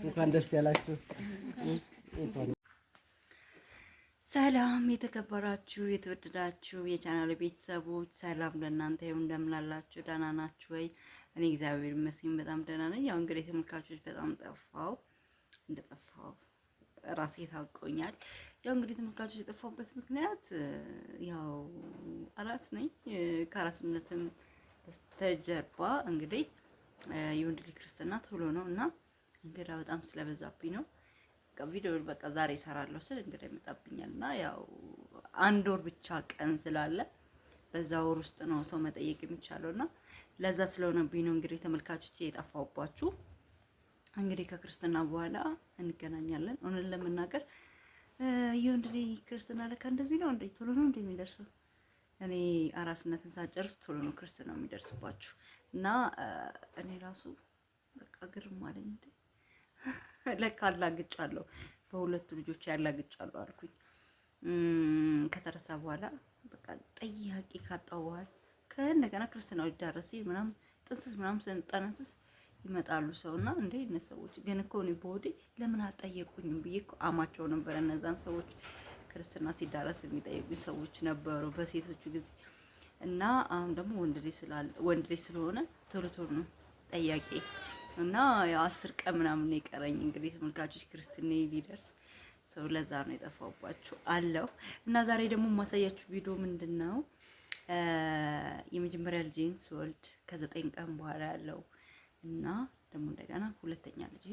እንኳን ደስ ያላችሁ። ሰላም የተከበራችሁ የተወደዳችሁ የቻናል ቤተሰቦች፣ ሰላም ለእናንተ ይሁን። እንደምን አላችሁ? ደህና ናችሁ ወይ? እኔ እግዚአብሔር ይመስገን በጣም ደህና ነኝ። ያው እንግዲህ ተመልካቾች በጣም ጠፋው እንደጠፋው ራሴ ታውቆኛል። ያው እንግዲህ ተመልካቾች የጠፋሁበት ምክንያት ያው አራስ ነኝ። ከአራስነትም በስተጀርባ እንግዲህ የወንድ ልጅ ክርስትና ቶሎ ነው እና እንግዳ በጣም ስለበዛብኝ ነው። ቪዲዮ በቃ ዛሬ እሰራለሁ ስል እንግዳ ይመጣብኛል እና ያው አንድ ወር ብቻ ቀን ስላለ በዛ ወር ውስጥ ነው ሰው መጠየቅ የሚቻለው እና ለዛ ስለሆነብኝ ነው እንግዲህ ተመልካቾች የጠፋውባችሁ። እንግዲህ ከክርስትና በኋላ እንገናኛለን። እውነት ለመናገር ይኸው እንግዲህ ክርስትና ለካ እንደዚህ ነው እንዴ! ቶሎ ነው እንዴ የሚደርሰው? እኔ አራስነትን ሳጨርስ ቶሎ ነው ክርስትና የሚደርስባችሁ። እና እኔ ራሱ በቃ ግርም አለኝ እንዴ ለካ አላግጫለሁ፣ በሁለቱ ልጆች ያላግጫለሁ አልኩኝ። ከተረሳ በኋላ በቃ ጠያቂ ካጣው በኋላ ከእንደገና ክርስትናው ሊዳረስ ምናምን ጥንስስ ምናምን ስንጠነስስ ይመጣሉ ሰው እና እንደ እነዚህ ሰዎች ግን እኮ እኔ በሆዴ ለምን አልጠየቁኝም ብዬ እኮ አማቸው ነበረ። እነዛን ሰዎች ክርስትና ሲዳረስ የሚጠይቁኝ ሰዎች ነበሩ በሴቶቹ ጊዜ እና አሁን ደግሞ ወንድ ልጅ ስለሆነ ቶሎ ቶሎ ነው ጠያቄ እና ያው አስር ቀን ምናምን የቀረኝ እንግዲህ ተመልካቾች ክርስትና ሊደርስ ሰው ለዛ ነው የጠፋባችሁ አለው እና ዛሬ ደግሞ የማሳያችሁ ቪዲዮ ምንድን ነው የመጀመሪያ ልጄን ስወልድ ከዘጠኝ ቀን በኋላ ያለው እና ደግሞ እንደገና ሁለተኛ ልጄ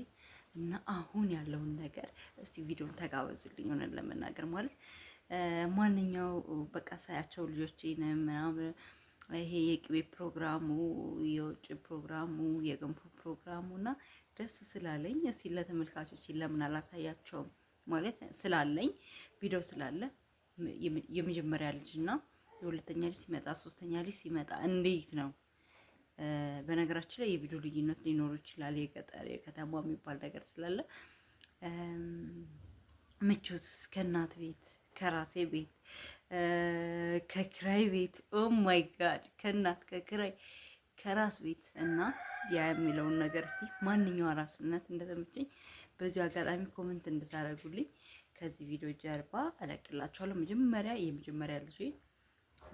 እና አሁን ያለውን ነገር እስቲ ቪዲዮን ተጋበዙልኝ። ሆነን ለመናገር ማለት ማንኛው በቃ ሳያቸው ልጆችን ምናምን ይሄ የቅቤ ፕሮግራሙ፣ የውጭ ፕሮግራሙ፣ የገንፎ ፕሮግራሙ እና ደስ ስላለኝ እስቲ ለተመልካቾች ለምን አላሳያቸውም ማለት ስላለኝ ቪዲዮ ስላለ የመጀመሪያ ልጅ እና የሁለተኛ ልጅ ሲመጣ ሶስተኛ ልጅ ሲመጣ እንዴት ነው? በነገራችን ላይ የቪዲዮ ልዩነት ሊኖሩ ይችላል። የገጠር የከተማ የሚባል ነገር ስላለ ምቾት ከእናት ቤት ከራሴ ቤት ከክራይ ቤት ኦ ማይ ጋድ ከእናት ከክራይ ከራስ ቤት እና ያ የሚለውን ነገር እስቲ ማንኛው ራስነት እንደተመቸኝ በዚሁ አጋጣሚ ኮመንት እንድታደርጉልኝ ከዚህ ቪዲዮ ጀርባ እለቅላችኋለሁ። መጀመሪያ የመጀመሪያ ልጅ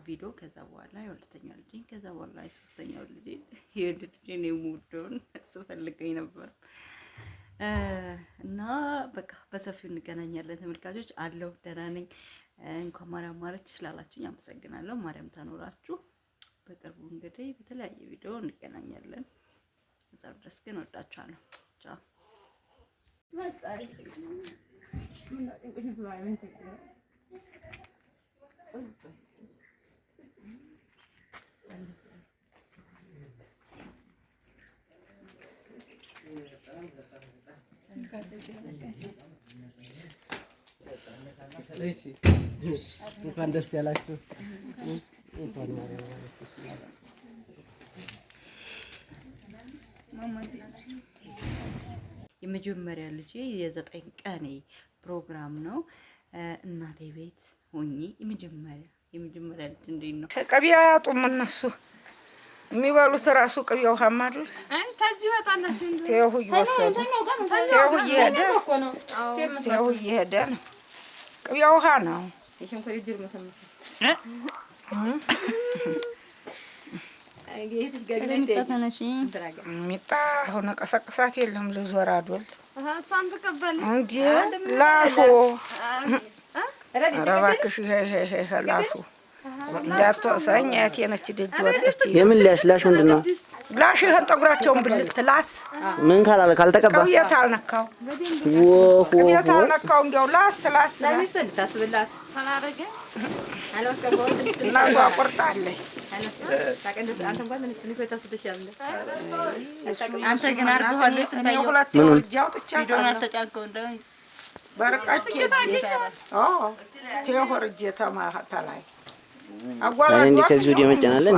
ቪዲዮ ከዛ በኋላ የሁለተኛው ልጅ ከዛ በኋላ የሶስተኛው ልጅ የወለድ ልጅ ነው የምወደውን እሱ ነበር እና በቃ በሰፊው እንገናኛለን ተመልካቾች። አለው ደህና ነኝ። እንኳን ማርያም ማረች ስላላችሁኝ አመሰግናለሁ። ማርያም ታኖራችሁ። በቅርቡ እንግዲህ በተለያየ ቪዲዮ እንገናኛለን። እዛው ድረስ ግን ወዳችኋለሁ። ቻው Thank እንኳን ደስ ያላችሁ። የመጀመሪያ ልጄ የዘጠኝ ቀኔ ፕሮግራም ነው እናቴ ቤት ሆኜ የመጀመሪያ የመጀመሪያ ልጅ እንዴት ነው? ቅቤ አያጡም እነሱ የሚበሉት ራሱ ቅቤ ውሃማ አይደል? ተይው እየወሰዱ ተይው እየሄደ ተይው እየሄደ ነው። ቅቤ ውሃ ነው። ሚጣ አሁን ቀሰቅሳት የለም ልዞር አይደል እንደ ላሾ ኧረ እባክሽ ላሹ እንዳትወቅሰኝ። አያቴ ነች ደጅ ወጣች። የምን ላሽ ላሽ ምንድን ነው ላሽ? ይህን ጠጉራቸውን ብልት ላስ ምን ካላለ ካልተቀባ ቅብየት አልነካው ቅብየት አልነካው። እንዲያው ላስ ላስ እናቷ ቁርጣ አለኝ። አንተ ግን አርገኋለ ስንታየ ሁለት ልጅ አውጥቻ ተጫንከው እንደሆነ በርቀት ቴሆር እጄ ተማተላይ አጓራ ከዚህ ወዲህ መጨናለን።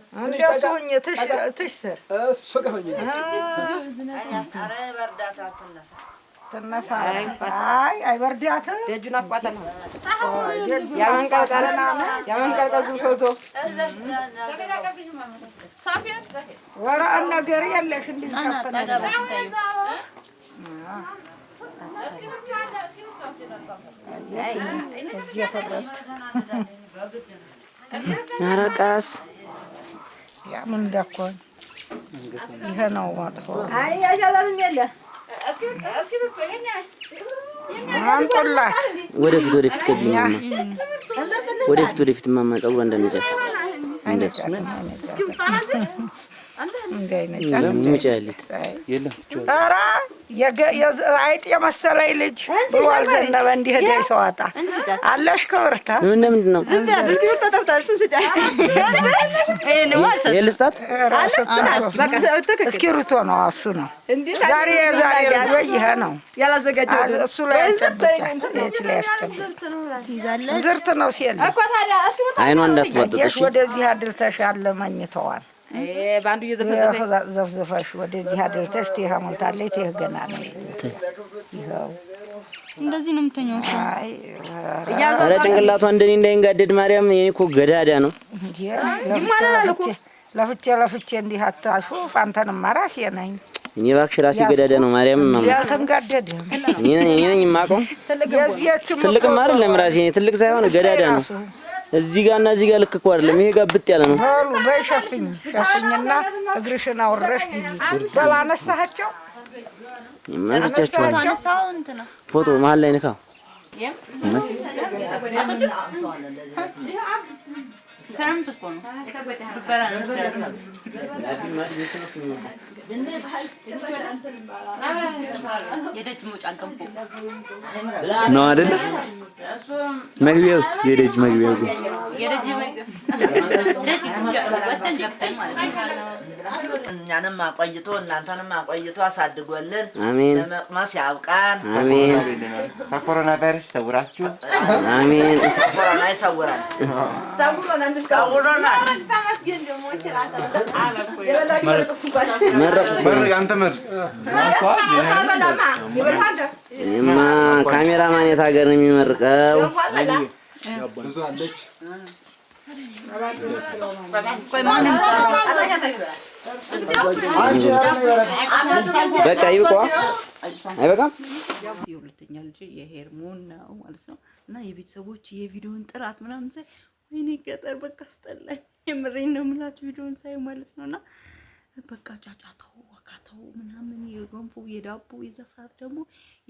እንደሱ ሆኜ ትሽ ስር እሱ ጋር ሆኜ ትነሳ። አይ አይበርዳትም። ደጁን አቋጠን ያመንቀልቀል ያመንቀልቀል ዙሶቶ ወረ ነገር የለሽ እንዲሸፍነ ነረቃስ ያምን ደኮን ይሄ ነው መጥፎ። አምጡላት ወደፊት ወደፊት ከዚህ ወደፊት ወደፊት ማማ ፀጉሯ እንዳነጫት አይጥ የመሰለኝ ልጅ ብሏል ዘነበ። እንዲህ ሄዳይ ሰዋጣ አለሽ ከብርታ ምንድን ነው የልስጣት እስኪ ሩቶ ነው እሱ ነው ዛሬ የዛሬ ልጆ ይሄ ነው እሱ ላይ ያስጨብጫች ላይ ያስጨብጫ ዝርት ነው ሲል አይኗ እንዳትመጥጠሽ ወደዚህ አድርተሻል። ባንዱ ዘፍዘፈሽ ወደዚህ አድርተሽ ቲህ ሞልታለይ ቲህ ገና ነው። ይኸው እንደዚህ ነው የምተኛው። ኧረ ጭንቅላቷ እንደኔ እንዳይንጋደድ ማርያም፣ የኔ እኮ ገዳዳ ነው። ለፍቼ ለፍቼ እንዲህ አታሹፍ። አንተንማ ራሴ ነኝ እኔ እባክሽ ራሴ ገዳዳ ነው ማርያም። ያልተንጋደደ እኔ ነኝ የማውቀው። ትልቅም አይደለም ራሴ፣ ትልቅ ሳይሆን ገዳዳ ነው። እዚህ ጋር እና እዚህ ጋር ልክ እኮ አይደለም። ይሄ ጋር ብጥ ያለ ነው። በሉ በይ ሸፍኝ ሸፍኝና እግርሽን አውረሽ ግቢ። በል አነሳቸው ይመስቻችኋል። ፎቶ መሀል ላይ ንካ። ነው ነው አይደለ? መግቢያውስ የደጅ መግቢያው ግን እኛንም አቆይቶ እናንተንም አቆይቶ አሳድጎልን ለመቅመስ ያብቃን። አሜን። ከኮሮና ቫይረስ ይሰውራችሁ። አሜን። ኮሮና ይሰውራል። ካሜራማን የት ሀገር ነው የሚመርቀው? በቃ ይብቋ አይበቃም። የሁለተኛ ልጅ የሄርሞን ነው ማለት ነው። እና የቤተሰቦች የቪዲዮን ጥራት ምናምን ሳይ ወይኔ ገጠር በቃ አስጠላኝ። የምሬን ነው የምላችሁ ቪዲዮን ሳይ ማለት ነውና በቃ ጫጫታው ወካታው ምናምን የገንፎ የዳቦ የዛ ሰዓት ደግሞ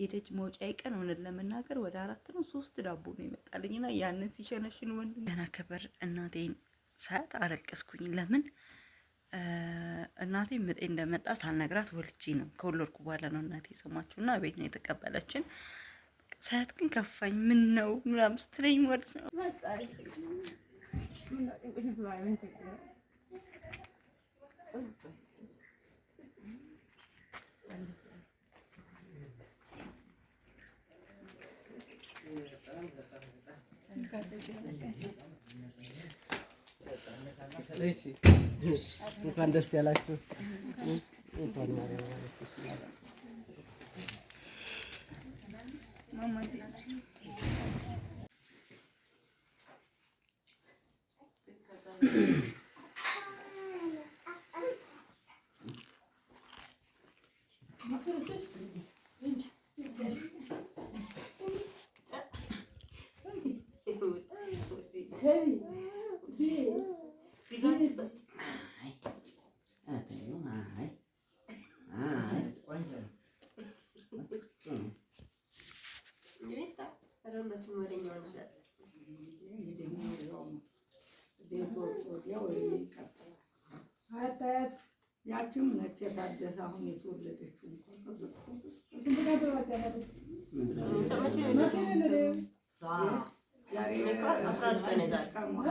የደጅ መውጫ ይቀን እውነት ለመናገር ወደ አራት ነው ሶስት ዳቦ ነው የመጣልኝና ያንን ሲሸነሽን ወንድ ገና ክብር እናቴን ሳያት አለቀስኩኝ። ለምን እናቴ ምጤ እንደመጣ ሳልነግራት ወልጄ ነው ከወለድኩ በኋላ ነው እናቴ የሰማችሁና ቤት ነው የተቀበለችን። ሳያት ግን ከፋኝ። ምን ነው ምናም ስትለኝ ማለት ነው። እንኳን ደስ ያላችሁ። ያችም ነጭ የታደሰ አሁን የተወለደችው እንኳን ቀን ወር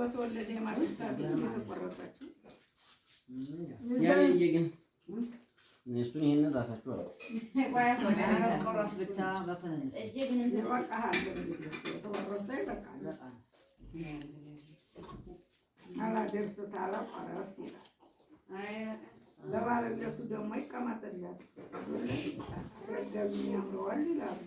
በተወለደ የማግስት የተቆረጠችው እሱን ይሄንን ራሳችሁ አለ አላደርስታለሁ ፈረስ ይላል። ለባለቤቱ ደግሞ ይቀመጥላት ስለዚህ ያምረዋል ይላሉ።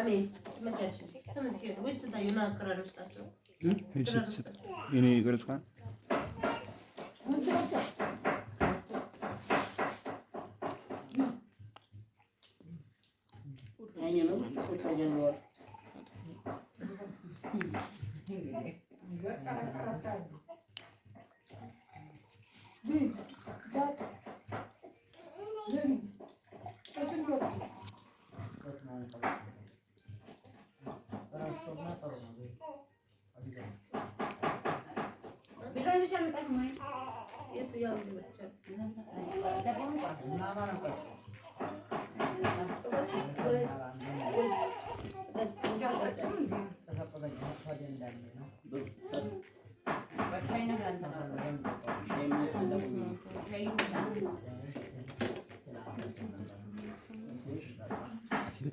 አሜን። 응? 시, 시, 이니 그래 줄까? 아니요,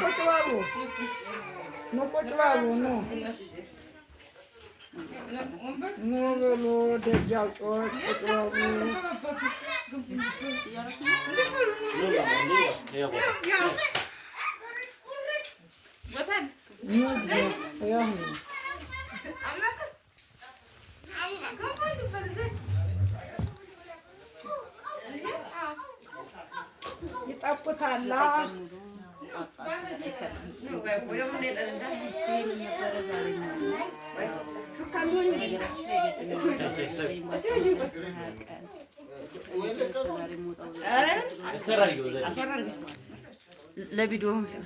ቁጭ በሉ ኑ ቁጭ በሉ ኑ ኑ ብሉ። ደጃው ጮክ ቁጭ በሉ። ይጠቁታላ ለቪዲዮ ይህንን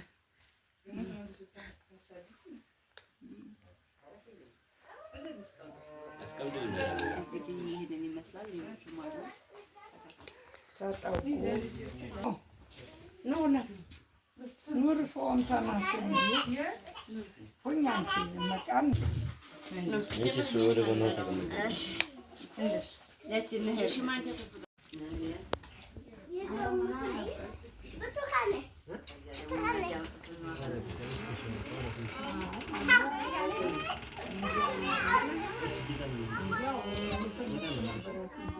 ይመስላል። ነው እናት ነው nur soğantan sürüyor. Bunyan çizim maçan. Ne ki suyu bunu takımı. Ne ki ne her. Thank you.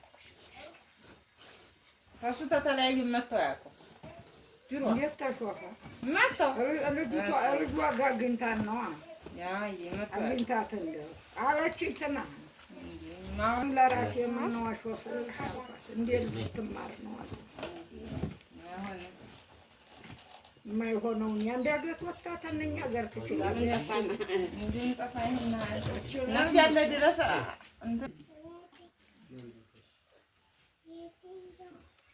እሱ ተተለያዩ መተው አያውቁም። እንዴት ተሾፈ? መተው ልጇ ጋር አግኝታት ነው አግኝታት እንደው አለችኝ ትናንት ለራሴ የምንዋሾፍ አልኳት። እንዴት ልትማር ነው አለ የማይሆነውን የአንድ ሀገር ወጣ ተነኛ ሀገር ትችላለች።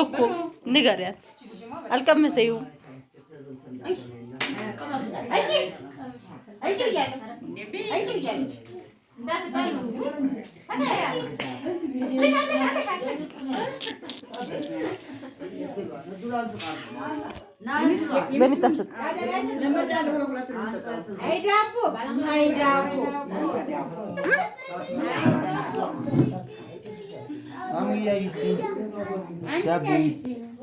እኮ ንገሪያት አልቀምሰይው Let me touch it. Hey, Dabu. Hey, Dabu.